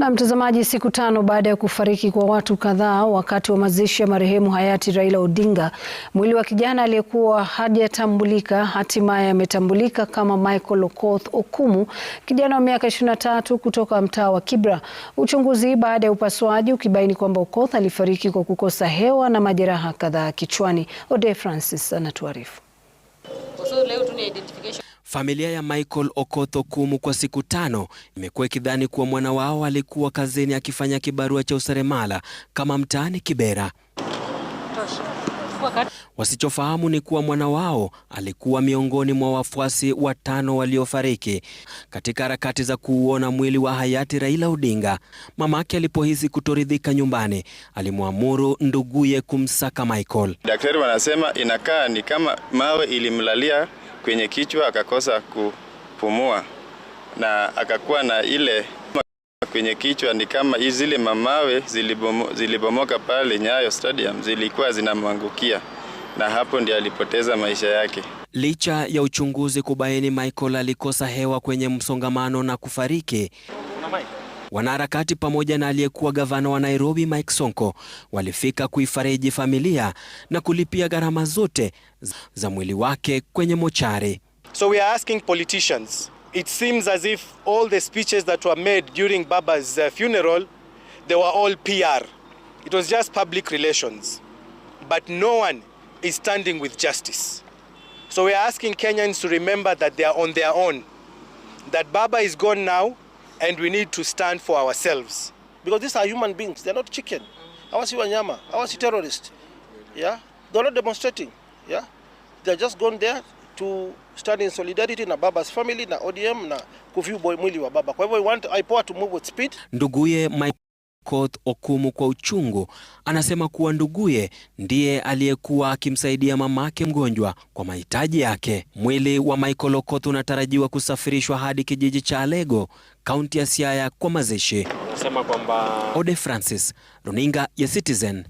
Na mtazamaji, siku tano baada ya kufariki kwa watu kadhaa wakati wa mazishi ya marehemu hayati Raila Odinga, mwili wa kijana aliyekuwa hajatambulika hatimaye ametambulika kama Michael Okoth Okumu, kijana wa miaka 23 kutoka mtaa wa Kibra. Uchunguzi baada ya upasuaji ukibaini kwamba Okoth alifariki kwa kukosa hewa na majeraha kadhaa kichwani. Ode Francis anatuarifu. Familia ya Michael Okotho Kumu kwa siku tano imekuwa ikidhani kuwa mwana wao alikuwa kazini akifanya kibarua cha useremala kama mtaani Kibera. Wasichofahamu ni kuwa mwana wao alikuwa miongoni mwa wafuasi watano waliofariki katika harakati za kuuona mwili wa hayati Raila Odinga. Mamake alipohisi kutoridhika nyumbani, alimwamuru nduguye kumsaka Michael. Daktari wanasema inakaa ni kama mawe ilimlalia kwenye kichwa, akakosa kupumua na akakuwa na ile kwenye kichwa, ni kama zile mamawe zilibomoka pale Nyayo Stadium zilikuwa zinamwangukia, na hapo ndio alipoteza maisha yake. Licha ya uchunguzi kubaini Michael alikosa hewa kwenye msongamano na kufariki. Wanaharakati pamoja na aliyekuwa gavana wa Nairobi Mike Sonko walifika kuifariji familia na kulipia gharama zote za mwili wake kwenye mochari. So we are asking politicians. It seems as if all the speeches that were made during Baba's uh, funeral, they were all PR. It was just public relations. But no one is standing with justice. So we are asking Kenyans to remember that they are on their own. That Baba is gone now and we need to stand for ourselves because these are human beings they're not chicken hawa si wanyama hawa si terrorist yeah they're not demonstrating yeah they're just gone there to stand in solidarity na baba's family na ODM na kuview mwili wa baba kwa hivyo I want IPOA to move with speed nduguye my Okoth Okumu kwa uchungu. Anasema kuwa nduguye ndiye aliyekuwa akimsaidia mamake mgonjwa kwa mahitaji yake. Mwili wa Michael Okoth unatarajiwa kusafirishwa hadi kijiji cha Alego, kaunti ya Siaya kwa mazishi. Ode Francis, Runinga ya Citizen.